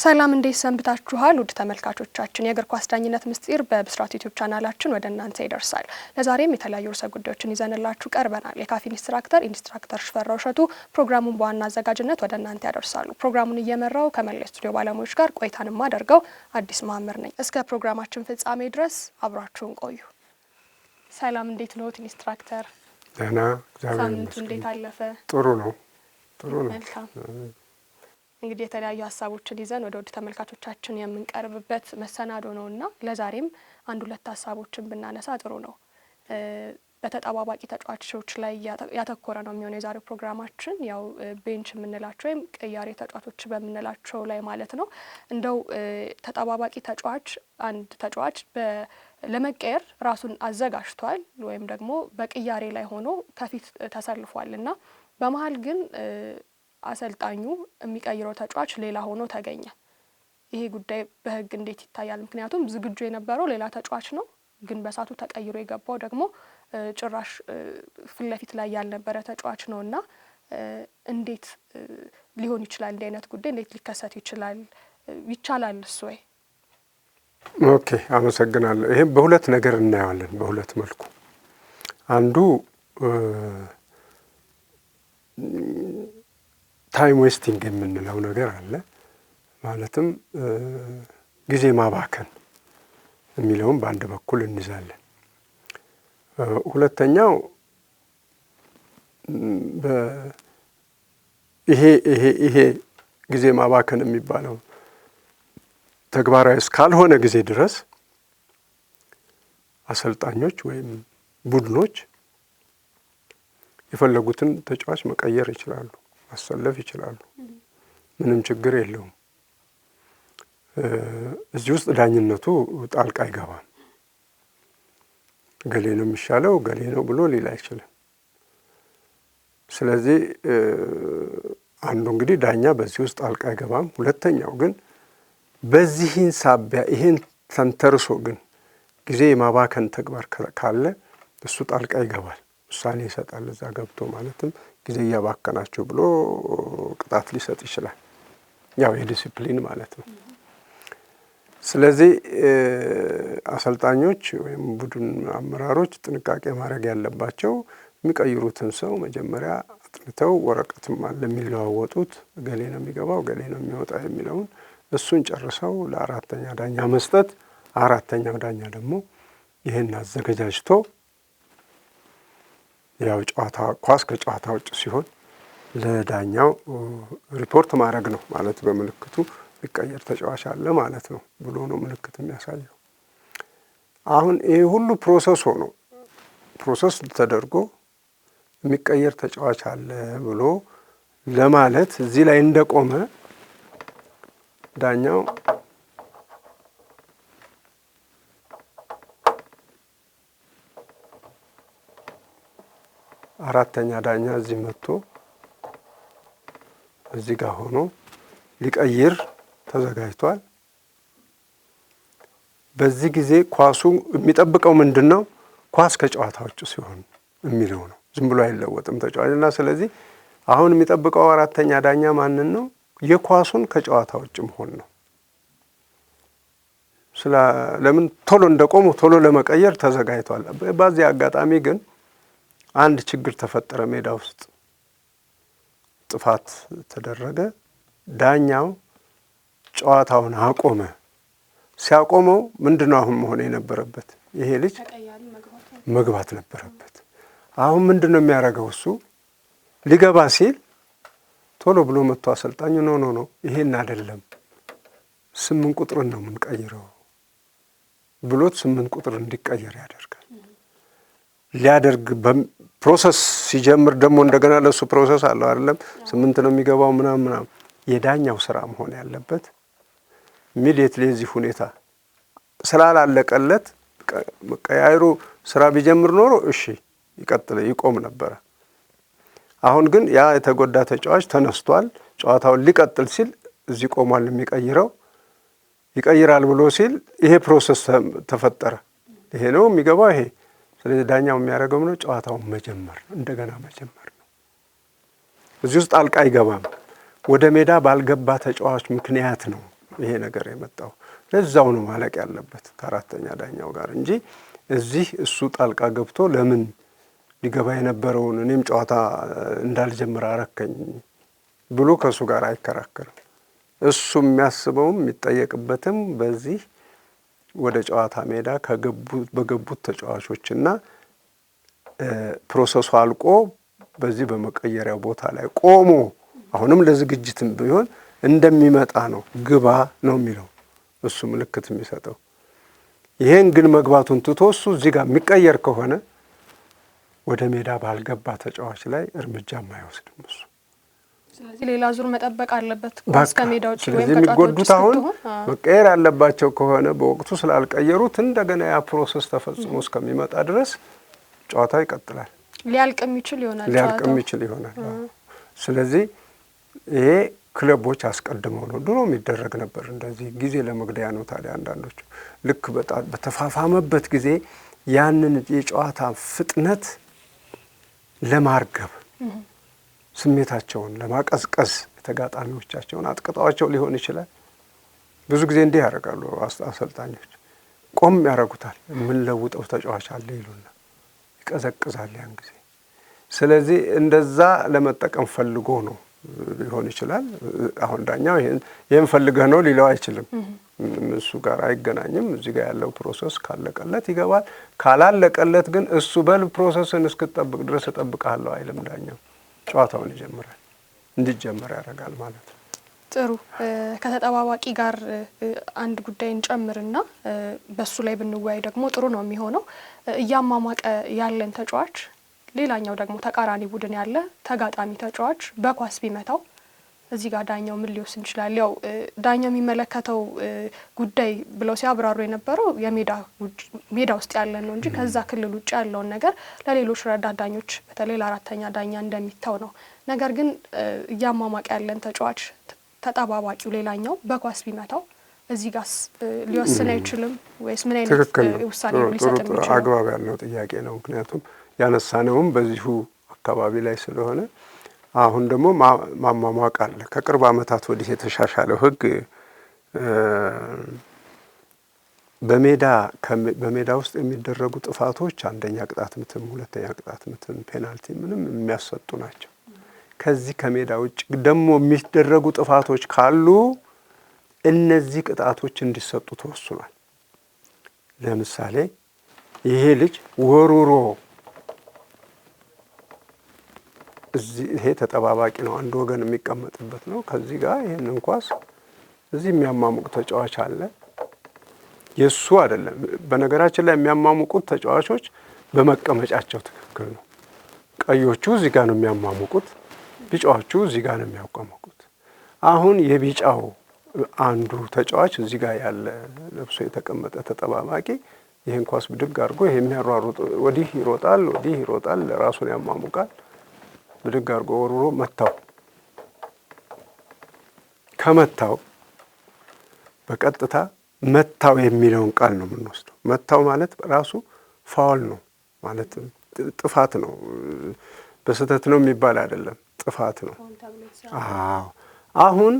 ሰላም እንዴት ሰንብታችኋል? ውድ ተመልካቾቻችን የእግር ኳስ ዳኝነት ምስጢር በብስራት ዩቲዩብ ቻናላችን ወደ እናንተ ይደርሳል። ለዛሬም የተለያዩ ርዕሰ ጉዳዮችን ይዘንላችሁ ቀርበናል። የካፍ ኢንስትራክተር ኢንስትራክተር ሽፈራው እሸቱ ፕሮግራሙን በዋና አዘጋጅነት ወደ እናንተ ያደርሳሉ። ፕሮግራሙን እየመራው ከመላ ስቱዲዮ ባለሙያዎች ጋር ቆይታንም አደርገው አዲስ ማምር ነኝ። እስከ ፕሮግራማችን ፍጻሜ ድረስ አብራችሁን ቆዩ። ሰላም እንዴት ኖት ኢንስትራክተር? ደህና። ሳምንቱ እንዴት አለፈ? ጥሩ ነው። ጥሩ ነው። መልካም እንግዲህ የተለያዩ ሀሳቦችን ይዘን ወደ ውድ ተመልካቾቻችን የምንቀርብበት መሰናዶ ነው እና ለዛሬም አንድ ሁለት ሀሳቦችን ብናነሳ ጥሩ ነው። በተጠባባቂ ተጫዋቾች ላይ ያተኮረ ነው የሚሆነው የዛሬው ፕሮግራማችን። ያው ቤንች የምንላቸው ወይም ቅያሬ ተጫዋቾች በምንላቸው ላይ ማለት ነው። እንደው ተጠባባቂ ተጫዋች አንድ ተጫዋች ለመቀየር ራሱን አዘጋጅቷል ወይም ደግሞ በቅያሬ ላይ ሆኖ ከፊት ተሰልፏል እና በመሀል ግን አሰልጣኙ የሚቀይረው ተጫዋች ሌላ ሆኖ ተገኘ። ይሄ ጉዳይ በህግ እንዴት ይታያል? ምክንያቱም ዝግጁ የነበረው ሌላ ተጫዋች ነው፣ ግን በሳቱ ተቀይሮ የገባው ደግሞ ጭራሽ ፊት ለፊት ላይ ያልነበረ ተጫዋች ነው እና እንዴት ሊሆን ይችላል? እንዲህ አይነት ጉዳይ እንዴት ሊከሰት ይችላል? ይቻላል እሱ ወይ? ኦኬ አመሰግናለሁ። ይሄም በሁለት ነገር እናየዋለን፣ በሁለት መልኩ አንዱ ታይም ዌስቲንግ የምንለው ነገር አለ። ማለትም ጊዜ ማባከን የሚለውን በአንድ በኩል እንይዛለን። ሁለተኛው ይሄ ይሄ ይሄ ጊዜ ማባከን የሚባለው ተግባራዊ እስካልሆነ ጊዜ ድረስ አሰልጣኞች ወይም ቡድኖች የፈለጉትን ተጫዋች መቀየር ይችላሉ። ማሰለፍ ይችላሉ። ምንም ችግር የለውም። እዚህ ውስጥ ዳኝነቱ ጣልቃ አይገባም። ገሌ ነው የሚሻለው ገሌ ነው ብሎ ሊል አይችልም። ስለዚህ አንዱ እንግዲህ ዳኛ በዚህ ውስጥ ጣልቃ አይገባም። ሁለተኛው ግን በዚህን ሳቢያ ይሄን ተንተርሶ ግን ጊዜ የማባከን ተግባር ካለ እሱ ጣልቃ ይገባል፣ ውሳኔ ይሰጣል። እዛ ገብቶ ማለትም ጊዜ እያባከናችሁ ብሎ ቅጣት ሊሰጥ ይችላል። ያው የዲሲፕሊን ማለት ነው። ስለዚህ አሰልጣኞች ወይም ቡድን አመራሮች ጥንቃቄ ማድረግ ያለባቸው የሚቀይሩትን ሰው መጀመሪያ አጥንተው ወረቀትም አለ የሚለዋወጡት ገሌ ነው የሚገባው ገሌ ነው የሚወጣ የሚለውን እሱን ጨርሰው ለአራተኛ ዳኛ መስጠት፣ አራተኛው ዳኛ ደግሞ ይህን አዘገጃጅቶ ያው ጨዋታ ኳስ ከጨዋታ ውጭ ሲሆን ለዳኛው ሪፖርት ማድረግ ነው ማለት በምልክቱ ሊቀየር ተጫዋች አለ ማለት ነው ብሎ ነው ምልክት የሚያሳየው። አሁን ይህ ሁሉ ፕሮሰስ ሆኖ ፕሮሰስ ተደርጎ የሚቀየር ተጫዋች አለ ብሎ ለማለት እዚህ ላይ እንደቆመ ዳኛው አራተኛ ዳኛ እዚህ መጥቶ እዚህ ጋር ሆኖ ሊቀይር ተዘጋጅቷል። በዚህ ጊዜ ኳሱ የሚጠብቀው ምንድን ነው? ኳስ ከጨዋታ ውጭ ሲሆን የሚለው ነው። ዝም ብሎ አይለወጥም ተጫዋች እና ስለዚህ አሁን የሚጠብቀው አራተኛ ዳኛ ማንን ነው? የኳሱን ከጨዋታ ውጭ መሆን ነው። ለምን ቶሎ እንደቆሙ ቶሎ ለመቀየር ተዘጋጅቷል። በዚህ አጋጣሚ ግን አንድ ችግር ተፈጠረ ሜዳ ውስጥ ጥፋት ተደረገ። ዳኛው ጨዋታውን አቆመ። ሲያቆመው ምንድን ነው አሁን መሆን የነበረበት? ይሄ ልጅ መግባት ነበረበት። አሁን ምንድን ነው የሚያደርገው? እሱ ሊገባ ሲል ቶሎ ብሎ መጥቶ አሰልጣኙ ኖ ኖ ኖ ይሄን አይደለም ስምንት ቁጥርን ነው የምንቀይረው ብሎት ስምንት ቁጥር እንዲቀየር ያደርጋል። ሊያደርግ ፕሮሰስ ሲጀምር ደግሞ እንደገና ለእሱ ፕሮሰስ አለው አይደለም፣ ስምንት ነው የሚገባው ምናምን ምናምን። የዳኛው ስራ መሆን ያለበት ኢሚዲየትሊ ለዚህ ሁኔታ ስላላለቀለት ቀያይሩ ስራ ቢጀምር ኖሮ እሺ ይቀጥለ ይቆም ነበረ። አሁን ግን ያ የተጎዳ ተጫዋች ተነስቷል፣ ጨዋታውን ሊቀጥል ሲል እዚህ ቆሟል። የሚቀይረው ይቀይራል ብሎ ሲል ይሄ ፕሮሰስ ተፈጠረ። ይሄ ነው የሚገባው ይሄ ስለዚህ ዳኛው የሚያደርገው ነው ጨዋታውን መጀመር ነው፣ እንደገና መጀመር ነው። እዚህ ውስጥ ጣልቃ አይገባም። ወደ ሜዳ ባልገባ ተጫዋች ምክንያት ነው ይሄ ነገር የመጣው። ለዛው ነው ማለቅ ያለበት ከአራተኛ ዳኛው ጋር እንጂ እዚህ እሱ ጣልቃ ገብቶ ለምን ሊገባ የነበረውን እኔም ጨዋታ እንዳልጀምር አረከኝ ብሎ ከእሱ ጋር አይከራከርም። እሱ የሚያስበውም የሚጠየቅበትም በዚህ ወደ ጨዋታ ሜዳ በገቡት ተጫዋቾችና ፕሮሰሱ አልቆ በዚህ በመቀየሪያው ቦታ ላይ ቆሞ አሁንም ለዝግጅትም ቢሆን እንደሚመጣ ነው። ግባ ነው የሚለው እሱ ምልክት የሚሰጠው ይሄን ግን መግባቱን ትቶ እሱ እዚህ ጋር የሚቀየር ከሆነ ወደ ሜዳ ባልገባ ተጫዋች ላይ እርምጃ አይወስድም እሱ። ስለዚህ ሌላ ዙር መጠበቅ አለበት እስከ ሜዳዎች የሚጎዱት አሁን መቀየር ያለባቸው ከሆነ በወቅቱ ስላልቀየሩት እንደገና ያ ፕሮሰስ ተፈጽሞ እስከሚመጣ ድረስ ጨዋታ ይቀጥላል። ሊያልቅ የሚችል ይሆናል። ሊያልቅ የሚችል ይሆናል። ስለዚህ ይሄ ክለቦች አስቀድመው ነው ድሮ የሚደረግ ነበር። እንደዚህ ጊዜ ለመግደያ ነው። ታዲያ አንዳንዶቹ ልክ በተፋፋመበት ጊዜ ያንን የጨዋታ ፍጥነት ለማርገብ ስሜታቸውን ለማቀዝቀዝ ተጋጣሚዎቻቸውን አጥቅጠዋቸው ሊሆን ይችላል። ብዙ ጊዜ እንዲህ ያደርጋሉ አሰልጣኞች። ቆም ያደርጉታል። የምንለውጠው ተጫዋች አለ ይሉና ይቀዘቅዛል ያን ጊዜ። ስለዚህ እንደዛ ለመጠቀም ፈልጎ ነው ሊሆን ይችላል። አሁን ዳኛው ይህን ፈልገህ ነው ሊለው አይችልም። እሱ ጋር አይገናኝም። እዚህ ጋር ያለው ፕሮሰስ ካለቀለት ይገባል። ካላለቀለት ግን እሱ በል ፕሮሰስን እስክጠብቅ ድረስ እጠብቃለሁ አይልም ዳኛው። ጨዋታውን ይጀምራል እንዲጀመር ያደርጋል ማለት ነው። ጥሩ ከተጠባባቂ ጋር አንድ ጉዳይን ጨምርና በሱ ላይ ብንወያይ ደግሞ ጥሩ ነው የሚሆነው። እያማማቀ ያለን ተጫዋች ሌላኛው ደግሞ ተቃራኒ ቡድን ያለ ተጋጣሚ ተጫዋች በኳስ ቢመታው እዚህ ጋር ዳኛው ምን ሊወስን እንችላል? ያው ዳኛው የሚመለከተው ጉዳይ ብለው ሲያብራሩ የነበረው ሜዳ ውስጥ ያለ ነው እንጂ ከዛ ክልል ውጭ ያለውን ነገር ለሌሎች ረዳት ዳኞች በተለይ ለአራተኛ ዳኛ እንደሚተው ነው። ነገር ግን እያሟሟቅ ያለን ተጫዋች ተጠባባቂው ሌላኛው በኳስ ቢመታው እዚህ ጋስ ሊወስን አይችልም ወይስ ምን አይነት ውሳኔ ሊሰጥ የሚችል አግባብ ያለው ጥያቄ ነው። ምክንያቱም ያነሳነውም በዚሁ አካባቢ ላይ ስለሆነ አሁን ደግሞ ማሟሟቅ አለ። ከቅርብ ዓመታት ወዲህ የተሻሻለው ህግ በሜዳ በሜዳ ውስጥ የሚደረጉ ጥፋቶች አንደኛ ቅጣት ምትም፣ ሁለተኛ ቅጣት ምትም፣ ፔናልቲ ምንም የሚያሰጡ ናቸው። ከዚህ ከሜዳ ውጭ ደግሞ የሚደረጉ ጥፋቶች ካሉ እነዚህ ቅጣቶች እንዲሰጡ ተወስኗል። ለምሳሌ ይሄ ልጅ ወሩሮ እዚህ ይሄ ተጠባባቂ ነው፣ አንድ ወገን የሚቀመጥበት ነው። ከዚህ ጋር ይህንን ኳስ እዚህ የሚያማሙቅ ተጫዋች አለ። የእሱ አይደለም። በነገራችን ላይ የሚያማሙቁት ተጫዋቾች በመቀመጫቸው ትክክል ነው። ቀዮቹ እዚህ ጋር ነው የሚያማሙቁት፣ ቢጫዎቹ እዚህ ጋር ነው የሚያቋሙቁት። አሁን የቢጫው አንዱ ተጫዋች እዚህ ጋር ያለ ለብሶ የተቀመጠ ተጠባባቂ ይህን ኳስ ብድግ አድርጎ ይሄ የሚያሯሩጥ ወዲህ ይሮጣል፣ ወዲህ ይሮጣል፣ ራሱን ያማሙቃል። ብድግ አድርጎ ወርውሮ መታው። ከመታው በቀጥታ መታው የሚለውን ቃል ነው የምንወስደው። መታው ማለት ራሱ ፋውል ነው ማለት ጥፋት ነው። በስህተት ነው የሚባል አይደለም፣ ጥፋት ነው። አዎ አሁን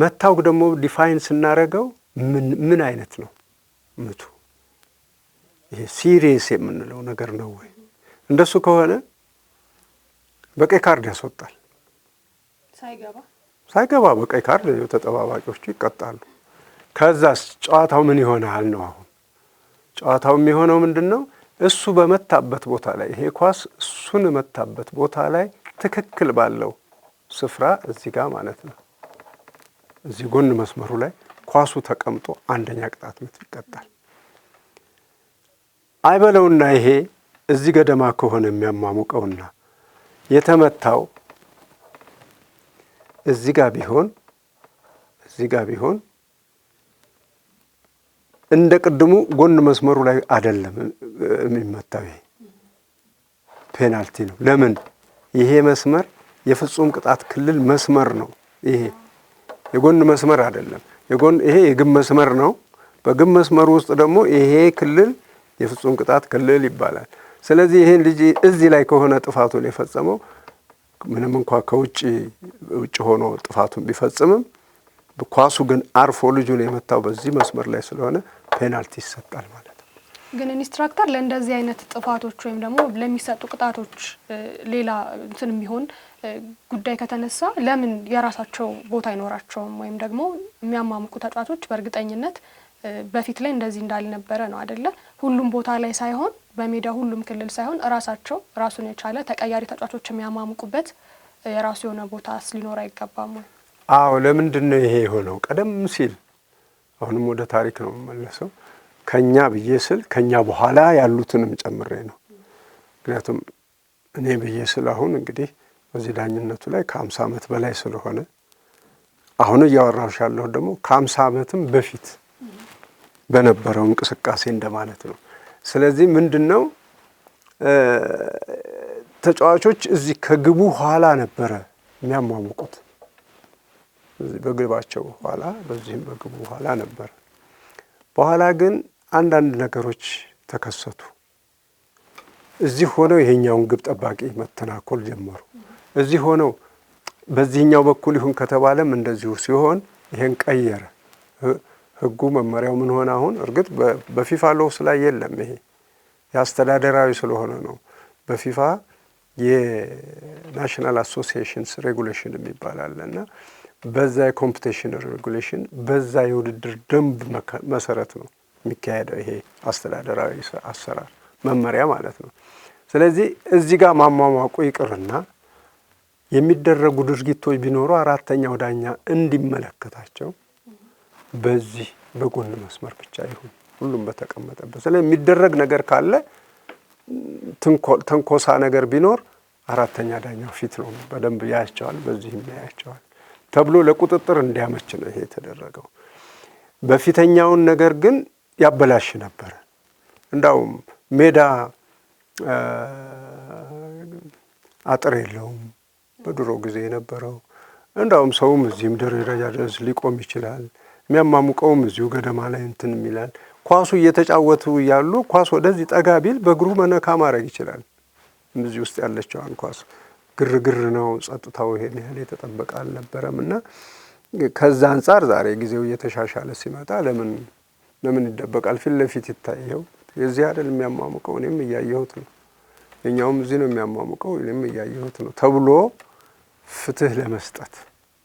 መታው ደግሞ ዲፋይን ስናደርገው ምን አይነት ነው ምቱ? ይሄ ሲሪየስ የምንለው ነገር ነው ወይ? እንደሱ ከሆነ በቀይ ካርድ ያስወጣል። ሳይገባ በቀይ ካርድ ተጠባባቂዎቹ ይቀጣሉ። ከዛስ ጨዋታው ምን ይሆናል ነው። አሁን ጨዋታው የሚሆነው ምንድን ነው? እሱ በመታበት ቦታ ላይ ይሄ ኳስ እሱን መታበት ቦታ ላይ ትክክል ባለው ስፍራ እዚህ ጋር ማለት ነው እዚህ ጎን መስመሩ ላይ ኳሱ ተቀምጦ አንደኛ ቅጣት ምት ይቀጣል። አይበለውና ይሄ እዚህ ገደማ ከሆነ የሚያሟሙቀውና የተመታው እዚህ ጋር ቢሆን እዚህ ጋር ቢሆን እንደ ቅድሙ ጎን መስመሩ ላይ አይደለም የሚመታው። ይሄ ፔናልቲ ነው። ለምን? ይሄ መስመር የፍጹም ቅጣት ክልል መስመር ነው። ይሄ የጎን መስመር አይደለም። የጎን ይሄ የግብ መስመር ነው። በግብ መስመሩ ውስጥ ደግሞ ይሄ ክልል የፍጹም ቅጣት ክልል ይባላል። ስለዚህ ይህን ልጅ እዚህ ላይ ከሆነ ጥፋቱን የፈጸመው ምንም እንኳ ከውጭ ውጭ ሆኖ ጥፋቱን ቢፈጽምም ኳሱ ግን አርፎ ልጁን የመታው በዚህ መስመር ላይ ስለሆነ ፔናልቲ ይሰጣል ማለት ነው። ግን ኢንስትራክተር ለእንደዚህ አይነት ጥፋቶች ወይም ደግሞ ለሚሰጡ ቅጣቶች ሌላ እንትን የሚሆን ጉዳይ ከተነሳ ለምን የራሳቸው ቦታ አይኖራቸውም? ወይም ደግሞ የሚያማምቁ ተጫዋቾች በእርግጠኝነት በፊት ላይ እንደዚህ እንዳልነበረ ነው አደለ? ሁሉም ቦታ ላይ ሳይሆን በሜዳ ሁሉም ክልል ሳይሆን ራሳቸው ራሱን የቻለ ተቀያሪ ተጫዋቾች የሚያማሙቁበት የራሱ የሆነ ቦታስ ሊኖር አይገባም ወይ? አዎ፣ ለምንድን ነው ይሄ የሆነው? ቀደም ሲል አሁንም ወደ ታሪክ ነው የምመለሰው። ከኛ ብዬ ስል ከኛ በኋላ ያሉትንም ጨምሬ ነው። ምክንያቱም እኔ ብዬ ስል አሁን እንግዲህ በዚህ ዳኝነቱ ላይ ከአምሳ ዓመት በላይ ስለሆነ አሁን እያወራሽ ያለሁት ደግሞ ከአምሳ ዓመትም በፊት በነበረው እንቅስቃሴ እንደማለት ነው። ስለዚህ ምንድን ነው ተጫዋቾች እዚህ ከግቡ ኋላ ነበረ የሚያሟሙቁት በግባቸው ኋላ በዚህም በግቡ ኋላ ነበረ። በኋላ ግን አንዳንድ ነገሮች ተከሰቱ። እዚህ ሆነው ይሄኛውን ግብ ጠባቂ መተናኮል ጀመሩ። እዚህ ሆነው በዚህኛው በኩል ይሁን ከተባለም እንደዚሁ ሲሆን ይሄን ቀየረ። ህጉ መመሪያው ምን ሆነ አሁን እርግጥ በፊፋ ሎስ ላይ የለም ይሄ የአስተዳደራዊ ስለሆነ ነው በፊፋ የናሽናል አሶሲሽንስ ሬጉሌሽን የሚባል አለ እና በዛ የኮምፒቴሽን ሬጉሌሽን በዛ የውድድር ደንብ መሰረት ነው የሚካሄደው ይሄ አስተዳደራዊ አሰራር መመሪያ ማለት ነው። ስለዚህ እዚህ ጋር ማሟሟቁ ይቅርና የሚደረጉ ድርጊቶች ቢኖሩ አራተኛው ዳኛ እንዲመለከታቸው በዚህ በጎን መስመር ብቻ ይሁን ሁሉም በተቀመጠበት። ስለዚህ የሚደረግ ነገር ካለ ተንኮሳ ነገር ቢኖር አራተኛ ዳኛው ፊት ነው በደንብ ያያቸዋል፣ በዚህም ያያቸዋል ተብሎ ለቁጥጥር እንዲያመች ነው ይሄ የተደረገው። በፊተኛውን ነገር ግን ያበላሽ ነበር። እንዳውም ሜዳ አጥር የለውም በድሮ ጊዜ የነበረው። እንዳውም ሰውም እዚህም ደረጃ ድረስ ሊቆም ይችላል። የሚያማሙቀውም እዚሁ ገደማ ላይ እንትን ይላል። ኳሱ እየተጫወቱ እያሉ ኳስ ወደዚህ ጠጋ ቢል በእግሩ መነካ ማድረግ ይችላል። እዚህ ውስጥ ያለችዋን ኳስ ግርግር ነው። ጸጥታው ይሄን ያህል የተጠበቀ አልነበረም እና ከዛ አንጻር ዛሬ ጊዜው እየተሻሻለ ሲመጣ ለምን ለምን ይደበቃል? ፊት ለፊት ይታየው። የዚህ አይደል የሚያሟሙቀው፣ እኔም እያየሁት ነው፣ እኛውም እዚህ ነው የሚያሟሙቀው፣ እኔም እያየሁት ነው ተብሎ ፍትህ ለመስጠት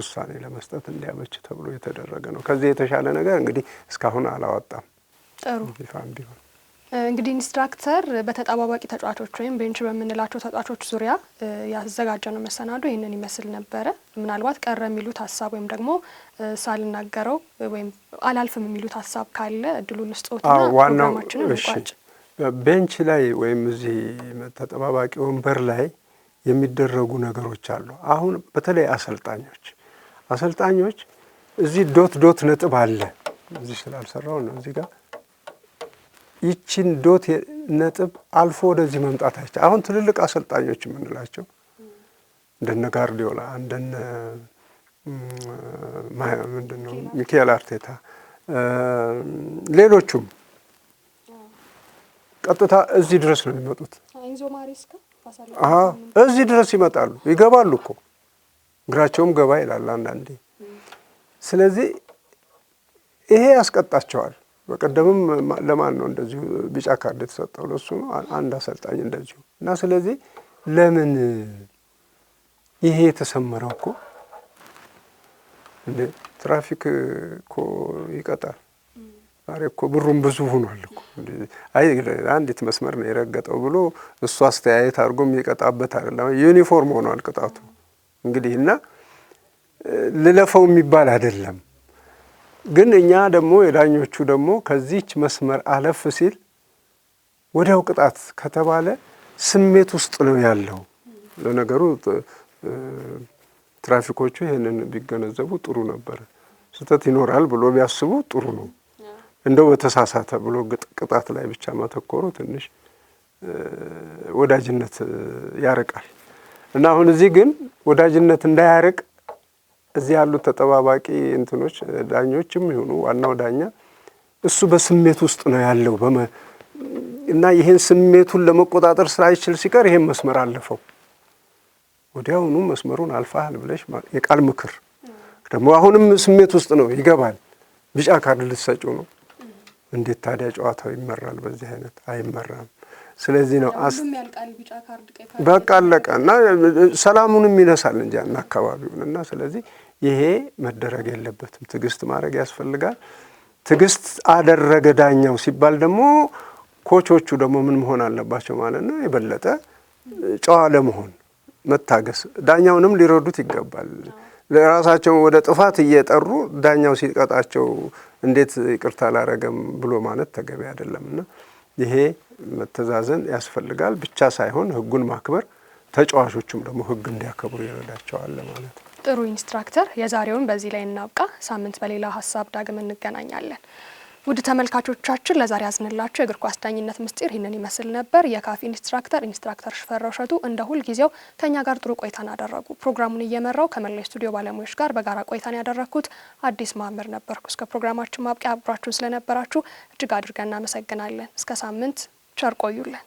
ውሳኔ ለመስጠት እንዲያመች ተብሎ የተደረገ ነው። ከዚህ የተሻለ ነገር እንግዲህ እስካሁን አላወጣም። ጥሩ ይፋ እንዲሆን እንግዲህ ኢንስትራክተር በተጠባባቂ ተጫዋቾች ወይም ቤንች በምንላቸው ተጫዋቾች ዙሪያ ያዘጋጀ ነው መሰናዶ ይህንን ይመስል ነበረ። ምናልባት ቀረ የሚሉት ሀሳብ ወይም ደግሞ ሳልናገረው ወይም አላልፍም የሚሉት ሀሳብ ካለ እድሉን ስጦትና ፕሮግራማችንን እንቋጭ። ቤንች ላይ ወይም እዚህ ተጠባባቂ ወንበር ላይ የሚደረጉ ነገሮች አሉ። አሁን በተለይ አሰልጣኞች አሰልጣኞች እዚህ ዶት ዶት ነጥብ አለ እዚህ ስላልሰራው ነው። እዚህ ጋር ይቺን ዶት ነጥብ አልፎ ወደዚህ መምጣት አይቻ አሁን ትልልቅ አሰልጣኞች የምንላቸው እንደነ ጋርዲዮላ እንደነ ምንድን ነው ሚካኤል አርቴታ ሌሎቹም ቀጥታ እዚህ ድረስ ነው የሚመጡት። እዚህ ድረስ ይመጣሉ፣ ይገባሉ እኮ እግራቸውም ገባ ይላል አንዳንዴ። ስለዚህ ይሄ ያስቀጣቸዋል። በቀደምም ለማን ነው እንደዚሁ ቢጫ ካርድ የተሰጠው? ለሱ ነው አንድ አሰልጣኝ እንደዚሁ እና ስለዚህ ለምን ይሄ የተሰመረው እኮ እንደ ትራፊክ እኮ ይቀጣል። ዛሬ እኮ ብሩም ብዙ ሆኗል እኮ አይ አንዲት መስመር ነው የረገጠው ብሎ እሱ አስተያየት አድርጎም ይቀጣበት አይደለም። ዩኒፎርም ሆኗል ቅጣቱ። እንግዲህ እና ልለፈው የሚባል አይደለም። ግን እኛ ደግሞ የዳኞቹ ደግሞ ከዚች መስመር አለፍ ሲል ወዲያው ቅጣት ከተባለ ስሜት ውስጥ ነው ያለው። ለነገሩ ትራፊኮቹ ይህንን ቢገነዘቡ ጥሩ ነበር። ስህተት ይኖራል ብሎ ቢያስቡ ጥሩ ነው። እንደው በተሳሳተ ብሎ ቅጣት ላይ ብቻ ማተኮሩ ትንሽ ወዳጅነት ያርቃል እና አሁን እዚህ ግን ወዳጅነት እንዳያርቅ እዚህ ያሉት ተጠባባቂ እንትኖች ዳኞችም ይሁኑ ዋናው ዳኛ እሱ በስሜት ውስጥ ነው ያለው እና ይህን ስሜቱን ለመቆጣጠር ስላይችል ሲቀር ይሄን መስመር አለፈው ወዲያውኑ መስመሩን አልፋል ብለሽ የቃል ምክር ደግሞ አሁንም ስሜት ውስጥ ነው ይገባል። ቢጫ ካርድ ልትሰጪው ነው። እንዴት ታዲያ ጨዋታው ይመራል? በዚህ አይነት አይመራም። ስለዚህ ነው በቃ አለቀ እና ሰላሙንም ይነሳል እንጂ እና አካባቢውን እና ስለዚህ ይሄ መደረግ የለበትም። ትዕግስት ማድረግ ያስፈልጋል። ትዕግስት አደረገ ዳኛው ሲባል ደግሞ ኮቾቹ ደግሞ ምን መሆን አለባቸው ማለት ነው? የበለጠ ጨዋ ለመሆን መታገስ፣ ዳኛውንም ሊረዱት ይገባል። ለራሳቸው ወደ ጥፋት እየጠሩ ዳኛው ሲቀጣቸው እንዴት ይቅርታ አላረገም ብሎ ማለት ተገቢ አይደለም እና ይሄ መተዛዘን ያስፈልጋል ብቻ ሳይሆን ህጉን ማክበር ተጫዋቾቹም ደግሞ ህግ እንዲያከብሩ ይረዳቸዋል ማለት ነው። ጥሩ ኢንስትራክተር፣ የዛሬውን በዚህ ላይ እናብቃ። ሳምንት በሌላ ሀሳብ ዳግም እንገናኛለን። ውድ ተመልካቾቻችን ለዛሬ ያዝንላቸው የእግር ኳስ ዳኝነት ምስጢር ይህንን ይመስል ነበር። የካፍ ኢንስትራክተር ኢንስትራክተር ሽፈራው እሸቱ እንደ ሁል ጊዜው ከእኛ ጋር ጥሩ ቆይታን አደረጉ። ፕሮግራሙን እየመራው ከመላይ ስቱዲዮ ባለሙያዎች ጋር በጋራ ቆይታን ያደረግኩት አዲስ ማምር ነበርኩ። እስከ ፕሮግራማችን ማብቂያ አብሯችሁን ስለነበራችሁ እጅግ አድርገን እናመሰግናለን። እስከ ሳምንት ቸር ቆዩልን።